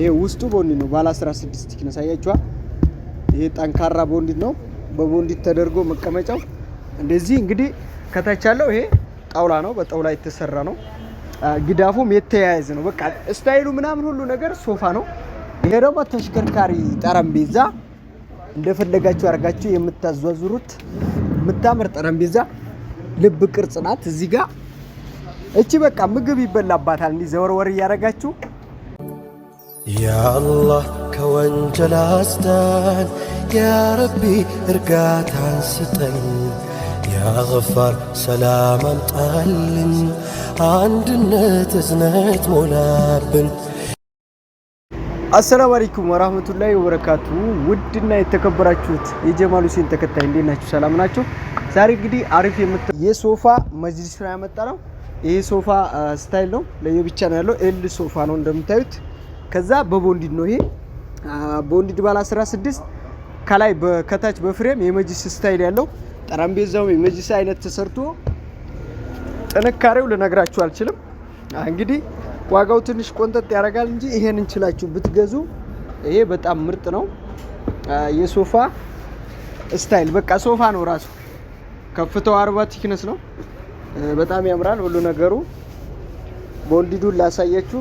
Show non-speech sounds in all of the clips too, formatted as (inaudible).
ይሄ ውስጡ ቦንድ ነው። ባለ 16 ቲክነስ አያችኋ። ይሄ ጠንካራ ቦንድ ነው። በቦንድ ተደርጎ መቀመጫው እንደዚህ እንግዲህ ከታች ያለው ይሄ ጣውላ ነው። በጣውላ የተሰራ ነው። ግዳፉም የተያያዘ ነው። በቃ ስታይሉ ምናምን ሁሉ ነገር ሶፋ ነው። ይሄ ደግሞ ተሽከርካሪ ጠረጴዛ እንደፈለጋችሁ አድርጋችሁ የምታዟዙሩት የምታምር ጠረጴዛ ልብ ቅርጽ ናት። እዚህ ጋር እቺ በቃ ምግብ ይበላባታል። እንዲህ ዘወርወር እያደረጋችሁ ያአላህ ከወንጀል አስዳን፣ ያረቢ እርጋታን ስጠን፣ ያገፋር ሰላም አምጣልን፣ አንድነት እዝነት ሞላብን። አሰላሙ አለይኩም ወራህመቱላሂ ወበረካቱ። ውድና የተከበራችሁት የጀማል ሁሴን ተከታይ እንዴት ናችሁ? ሰላም ናችሁ ዛሬ እንግዲህ አሪፍ የምት የሶፋ መጅሊስ ነው ያመጣ ነው። ይሄ ሶፋ ስታይል ነው፣ ለየብቻ ነው ያለው። ኤል ሶፋ ነው እንደምታዩት ከዛ በቦንዲድ ነው ይሄ ቦንዲድ ባለ 16 ከላይ ከታች በፍሬም የመጅስ ስታይል ያለው ጠረጴዛውም የመጅስ አይነት ተሰርቶ ጥንካሬው ልነግራችሁ አልችልም። እንግዲህ ዋጋው ትንሽ ቆንጠጥ ያደርጋል እንጂ ይሄን እንችላችሁ ብትገዙ ይሄ በጣም ምርጥ ነው። የሶፋ ስታይል በቃ ሶፋ ነው ራሱ። ከፍተው አርባ ቲክነስ ነው። በጣም ያምራል ሁሉ ነገሩ። ቦንዲዱን ላሳያችሁ።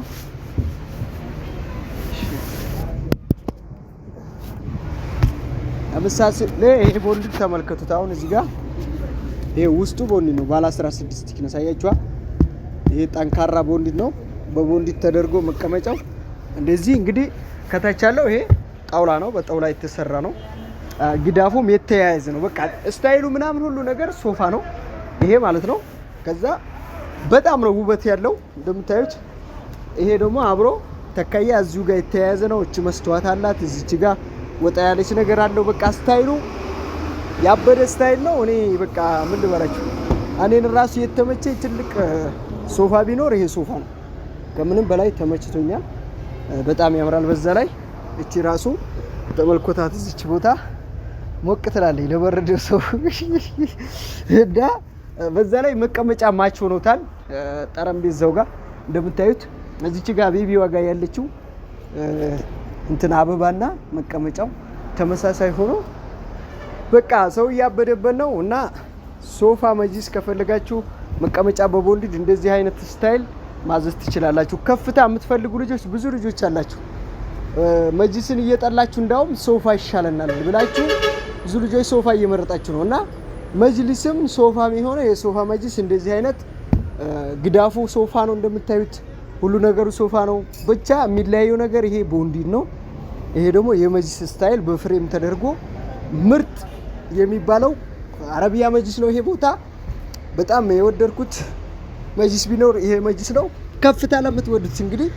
ለምሳሌ ይሄ ቦንድ ተመልከቱት። አሁን እዚህ ጋር ይሄ ውስጡ ቦንድ ነው፣ ባለ 16 ቲክነስ አያችኋል። ይሄ ጠንካራ ቦንድ ነው። በቦንዲት ተደርጎ መቀመጫው እንደዚህ እንግዲህ ከታች ያለው ይሄ ጣውላ ነው፣ በጣውላ የተሰራ ነው። ግዳፉም የተያያዘ ነው። በቃ ስታይሉ ምናምን ሁሉ ነገር ሶፋ ነው ይሄ ማለት ነው። ከዛ በጣም ነው ውበት ያለው እንደምታዩት። ይሄ ደግሞ አብሮ ተካያ እዚሁ ጋር የተያያዘ ነው። እች መስተዋት አላት እዚች ጋር ወጣ ያለች ነገር አለው። በቃ ስታይሉ ያበደ ስታይል ነው። እኔ በቃ ምን ልበላችሁ፣ እኔን ራሱ የተመቸኝ ትልቅ ሶፋ ቢኖር ይሄ ሶፋ ነው። ከምንም በላይ ተመችቶኛል። በጣም ያምራል። በዛ ላይ እቺ ራሱ ተመልኮታት እዚች ቦታ ሞቅ ትላለች ለበረደው ሰው (laughs) እና በዛ ላይ መቀመጫ ማች ሆኖታል ጠረጴዛው ጋር እንደምታዩት እዚች ጋር ቤቢዋ ጋር ያለችው እንትን አበባና መቀመጫው ተመሳሳይ ሆኖ በቃ ሰው እያበደበት ነው። እና ሶፋ መጅሊስ ከፈለጋችሁ መቀመጫ በቦንድድ እንደዚህ አይነት ስታይል ማዘዝ ትችላላችሁ። ከፍታ የምትፈልጉ ልጆች ብዙ ልጆች አላችሁ፣ መጅሊስን እየጠላችሁ እንዳውም ሶፋ ይሻለናል ብላችሁ ብዙ ልጆች ሶፋ እየመረጣችሁ ነው። እና መጅሊስም ሶፋ የሆነ የሶፋ መጅሊስ እንደዚህ አይነት ግዳፉ ሶፋ ነው እንደምታዩት ሁሉ ነገሩ ሶፋ ነው። ብቻ የሚለያየው ነገር ይሄ ቦንዲን ነው። ይሄ ደግሞ የመጅስ ስታይል በፍሬም ተደርጎ ምርጥ የሚባለው አረቢያ መጅስ ነው። ይሄ ቦታ በጣም የወደድኩት መጅስ ቢኖር ይሄ መጅስ ነው። ከፍታ ለምትወዱት እንግዲህ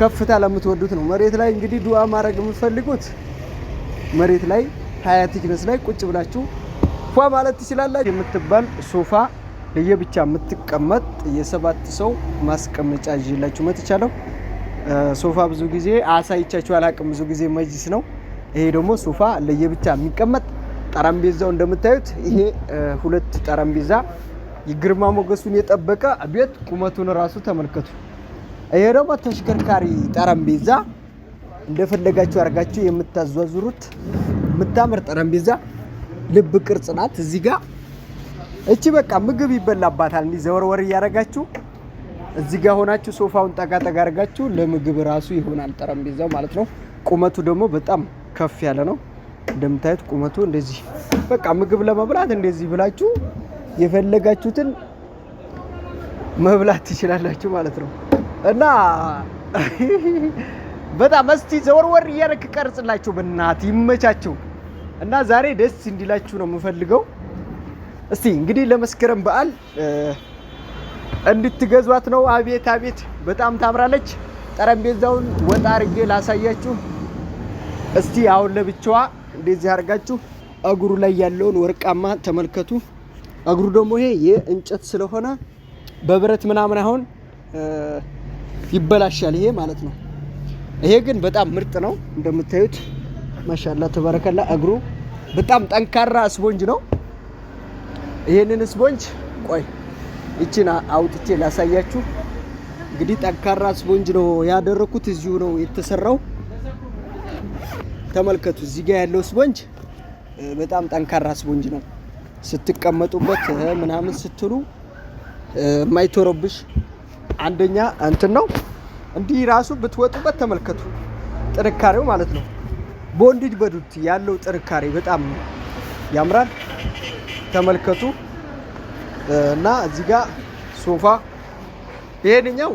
ከፍታ ለምትወዱት ነው። መሬት ላይ እንግዲህ ዱዓ ማድረግ የምትፈልጉት መሬት ላይ ሀያ ቲክነስ ላይ ቁጭ ብላችሁ ፏ ማለት ትችላላችሁ። የምትባል ሶፋ ለየብቻ የምትቀመጥ የሰባት ሰው ማስቀመጫ ይዤላችሁ መጥቻለሁ። ሶፋ ብዙ ጊዜ አሳይቻችሁ አላቅም። ብዙ ጊዜ መጅስ ነው። ይሄ ደግሞ ሶፋ ለየብቻ የሚቀመጥ ጠረጴዛው እንደምታዩት ይሄ ሁለት ጠረጴዛ የግርማ ሞገሱን የጠበቀ ቤት ቁመቱን ራሱ ተመልከቱ። ይሄ ደግሞ ተሽከርካሪ ጠረጴዛ እንደፈለጋችሁ አድርጋችሁ የምታዟዙሩት የምታምር ጠረጴዛ ልብ ቅርጽ ናት እዚህ ጋር እቺ በቃ ምግብ ይበላባታል። እንዲህ ዘወርወር እያደረጋችሁ እዚህ ጋር ሆናችሁ ሶፋውን ጠጋ ጠጋ አድርጋችሁ ለምግብ ራሱ ይሆናል ጠረጴዛው ማለት ነው። ቁመቱ ደግሞ በጣም ከፍ ያለ ነው እንደምታዩት ቁመቱ እንደዚህ በቃ ምግብ ለመብላት እንደዚህ ብላችሁ የፈለጋችሁትን መብላት ትችላላችሁ ማለት ነው። እና (laughs) በጣም እስቲ ዘወርወር እያደረክ ቀርጽላችሁ በእናት ይመቻችሁ። እና ዛሬ ደስ እንዲላችሁ ነው የምፈልገው። እስቲ እንግዲህ ለመስከረም በዓል እንድትገዟት ነው። አቤት አቤት በጣም ታምራለች። ጠረጴዛውን ወጣ አርጌ ላሳያችሁ። እስቲ አሁን ለብቻዋ እንደዚህ አድርጋችሁ እግሩ ላይ ያለውን ወርቃማ ተመልከቱ። እግሩ ደግሞ ይሄ የእንጨት ስለሆነ በብረት ምናምን አሁን ይበላሻል፣ ይሄ ማለት ነው። ይሄ ግን በጣም ምርጥ ነው እንደምታዩት። ማሻላ ተበረከላ። እግሩ በጣም ጠንካራ ስፖንጅ ነው። ይህንን ስፖንጅ ቆይ እቺን አውጥቼ ላሳያችሁ። እንግዲህ ጠንካራ ስፖንጅ ነው ያደረኩት። እዚሁ ነው የተሰራው። ተመልከቱ። እዚህ ጋር ያለው ስፖንጅ በጣም ጠንካራ ስፖንጅ ነው። ስትቀመጡበት ምናምን ስትሉ የማይቶረብሽ አንደኛ እንትን ነው። እንዲህ ራሱ ብትወጡበት ተመልከቱ፣ ጥንካሬው ማለት ነው። ቦንድድ በዱት ያለው ጥንካሬ በጣም ያምራል። ተመልከቱ እና እዚህ ጋር ሶፋ ይሄንኛው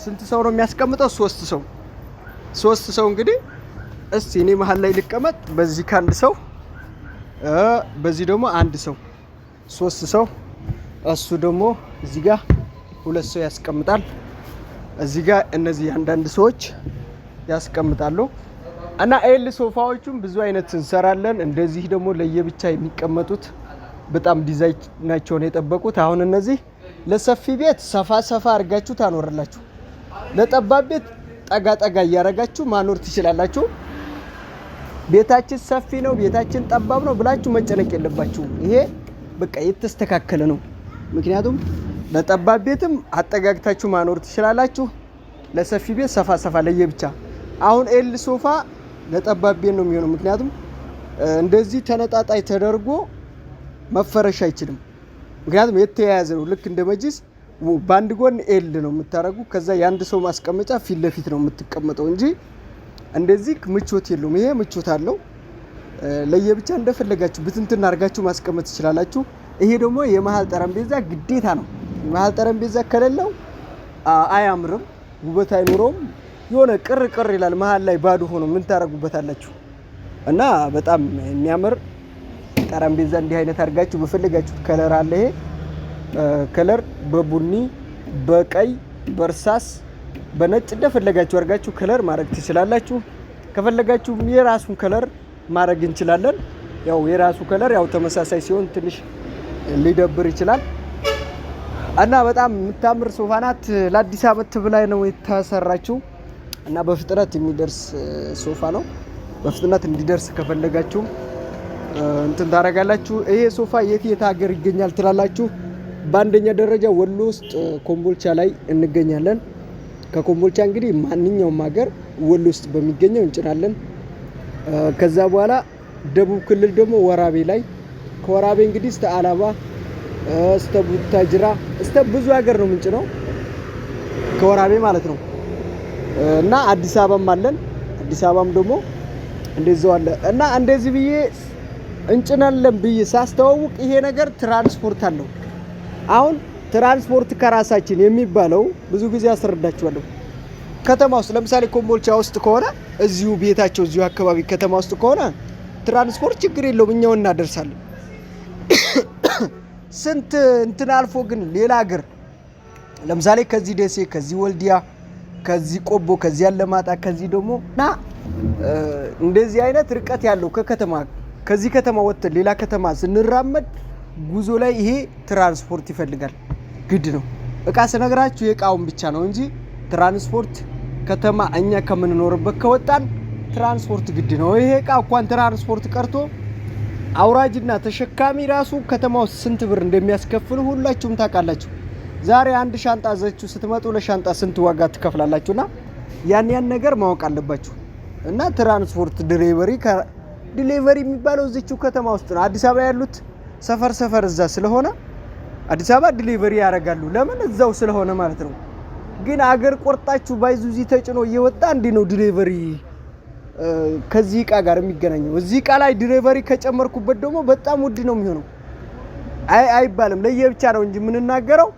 ስንት ሰው ነው የሚያስቀምጠው? ሶስት ሰው ሶስት ሰው እንግዲህ እስቲ እኔ መሀል ላይ ልቀመጥ። በዚህ ከአንድ ሰው በዚህ ደግሞ አንድ ሰው ሶስት ሰው እሱ ደግሞ እዚህ ጋር ሁለት ሰው ያስቀምጣል። እዚህ ጋር እነዚህ አንዳንድ ሰዎች ያስቀምጣሉ። እና ኤል ሶፋዎቹም ብዙ አይነት እንሰራለን። እንደዚህ ደግሞ ለየብቻ የሚቀመጡት በጣም ዲዛይናቸውን የጠበቁት። አሁን እነዚህ ለሰፊ ቤት ሰፋ ሰፋ አድርጋችሁ ታኖርላችሁ፣ ለጠባብ ቤት ጠጋ ጠጋ እያደረጋችሁ ማኖር ትችላላችሁ። ቤታችን ሰፊ ነው፣ ቤታችን ጠባብ ነው ብላችሁ መጨነቅ የለባችሁም። ይሄ በቃ የተስተካከለ ነው። ምክንያቱም ለጠባብ ቤትም አጠጋግታችሁ ማኖር ትችላላችሁ፣ ለሰፊ ቤት ሰፋ ሰፋ ለየብቻ። አሁን ኤል ሶፋ ለጠባብ ቤት ነው የሚሆነው፣ ምክንያቱም እንደዚህ ተነጣጣይ ተደርጎ መፈረሽ አይችልም። ምክንያቱም የተያያዘ ነው። ልክ እንደ መጅስ በአንድ ጎን ኤል ነው የምታደርጉ፣ ከዛ የአንድ ሰው ማስቀመጫ ፊት ለፊት ነው የምትቀመጠው እንጂ እንደዚህ ምቾት የለውም። ይሄ ምቾት አለው። ለየብቻ እንደፈለጋችሁ ብትንትን አድርጋችሁ ማስቀመጥ ትችላላችሁ። ይሄ ደግሞ የመሀል ጠረጴዛ ግዴታ ነው። የመሀል ጠረጴዛ ከሌለው አያምርም፣ ውበት አይኖረውም። የሆነ ቅር ቅር ይላል። መሀል ላይ ባዶ ሆኖ ምን ታደርጉበታላችሁ? እና በጣም የሚያምር ጠረጴዛ እንዲህ አይነት አድርጋችሁ በፈለጋችሁት ከለር አለ። ይሄ ከለር በቡኒ በቀይ በእርሳስ በነጭ እንደፈለጋችሁ አድርጋችሁ ከለር ማድረግ ትችላላችሁ። ከፈለጋችሁ የራሱን ከለር ማድረግ እንችላለን። ያው የራሱ ከለር ያው ተመሳሳይ ሲሆን ትንሽ ሊደብር ይችላል እና በጣም የምታምር ሶፋ ናት። ለአዲስ ዓመት ብላይ ነው የተሰራችው እና በፍጥነት የሚደርስ ሶፋ ነው። በፍጥነት እንዲደርስ ከፈለጋችሁም እንትን ታደርጋላችሁ። ይሄ ሶፋ የት የት ሀገር ይገኛል ትላላችሁ? በአንደኛ ደረጃ ወሎ ውስጥ ኮምቦልቻ ላይ እንገኛለን። ከኮምቦልቻ እንግዲህ ማንኛውም ሀገር ወሎ ውስጥ በሚገኘው እንጭናለን። ከዛ በኋላ ደቡብ ክልል ደግሞ ወራቤ ላይ፣ ከወራቤ እንግዲህ እስተ አላባ እስተ ቡታጅራ እስተ ብዙ ሀገር ነው ምንጭ ነው ከወራቤ ማለት ነው። እና አዲስ አበባም አለን። አዲስ አበባም ደግሞ እንደዛው አለ እና እንደዚህ ብዬ እንጭናለን ብዬ ሳስተዋውቅ ይሄ ነገር ትራንስፖርት አለው። አሁን ትራንስፖርት ከራሳችን የሚባለው ብዙ ጊዜ አስረዳችኋለሁ። ከተማ ውስጥ ለምሳሌ ኮምቦልቻ ውስጥ ከሆነ እዚሁ ቤታቸው እዚሁ አካባቢ ከተማ ውስጥ ከሆነ ትራንስፖርት ችግር የለውም፣ እኛው እናደርሳለን። (coughs) ስንት እንትን አልፎ ግን ሌላ ሀገር ለምሳሌ ከዚህ ደሴ፣ ከዚህ ወልዲያ፣ ከዚህ ቆቦ፣ ከዚህ አለማጣ፣ ከዚህ ደግሞ እና እንደዚህ አይነት ርቀት ያለው ከከተማ ከዚህ ከተማ ወጥተን ሌላ ከተማ ስንራመድ ጉዞ ላይ ይሄ ትራንስፖርት ይፈልጋል፣ ግድ ነው። እቃ ስነግራችሁ የእቃውን ብቻ ነው እንጂ ትራንስፖርት ከተማ እኛ ከምንኖርበት ከወጣን ትራንስፖርት ግድ ነው። ይሄ እቃ እንኳን ትራንስፖርት ቀርቶ አውራጅና ተሸካሚ ራሱ ከተማ ውስጥ ስንት ብር እንደሚያስከፍል ሁላችሁም ታውቃላችሁ። ዛሬ አንድ ሻንጣ ዘችሁ ስትመጡ ለሻንጣ ስንት ዋጋ ትከፍላላችሁና ያን ያን ነገር ማወቅ አለባችሁ እና ትራንስፖርት ድሬቨሪ ዲሊቨሪ የሚባለው እዚችው ከተማ ውስጥ ነው። አዲስ አበባ ያሉት ሰፈር ሰፈር እዛ ስለሆነ አዲስ አበባ ዲሊቨሪ ያደርጋሉ። ለምን እዛው ስለሆነ ማለት ነው። ግን አገር ቆርጣችሁ ባይዙዚ ተጭኖ እየወጣ እንዲ ነው ዲሊቨሪ ከዚህ እቃ ጋር የሚገናኘው። እዚህ እቃ ላይ ዲሊቨሪ ከጨመርኩበት ደግሞ በጣም ውድ ነው የሚሆነው። አይ አይባልም፣ ለየብቻ ነው እንጂ የምንናገረው።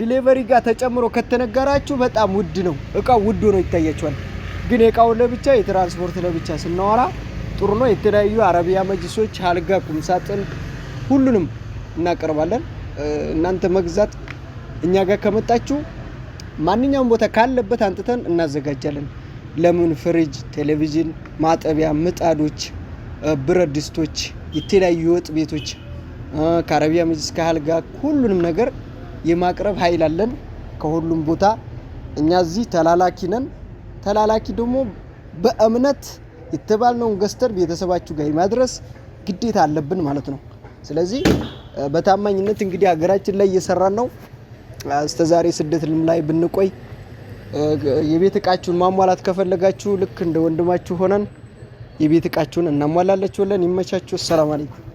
ዲሊቨሪ ጋር ተጨምሮ ከተነገራችሁ በጣም ውድ ነው። እቃው ውድ ነው ይታያችኋል። ግን የእቃውን ለብቻ የትራንስፖርት ለብቻ ስናወራ ጥሩ ነው። የተለያዩ አረቢያ መጅሶች፣ አልጋ፣ ቁምሳጥን ሁሉንም እናቀርባለን። እናንተ መግዛት እኛ ጋር ከመጣችሁ ማንኛውም ቦታ ካለበት አንጥተን እናዘጋጃለን። ለምን ፍሪጅ፣ ቴሌቪዥን፣ ማጠቢያ፣ ምጣዶች፣ ብረት ድስቶች፣ የተለያዩ ወጥ ቤቶች ከአረቢያ መጅስ ከአልጋ ሁሉንም ነገር የማቅረብ ኃይል አለን ከሁሉም ቦታ። እኛ እዚህ ተላላኪ ነን። ተላላኪ ደግሞ በእምነት የተባልነውን ገዝተን ቤተሰባችሁ ጋር ማድረስ ግዴታ አለብን ማለት ነው። ስለዚህ በታማኝነት እንግዲህ ሀገራችን ላይ እየሰራን ነው። ስደት ልም ላይ ብንቆይ የቤት እቃችሁን ማሟላት ከፈለጋችሁ ልክ እንደ ወንድማችሁ ሆነን የቤት እቃችሁን እናሟላለችሁለን። ይመቻችሁ። አሰላም አለይኩም።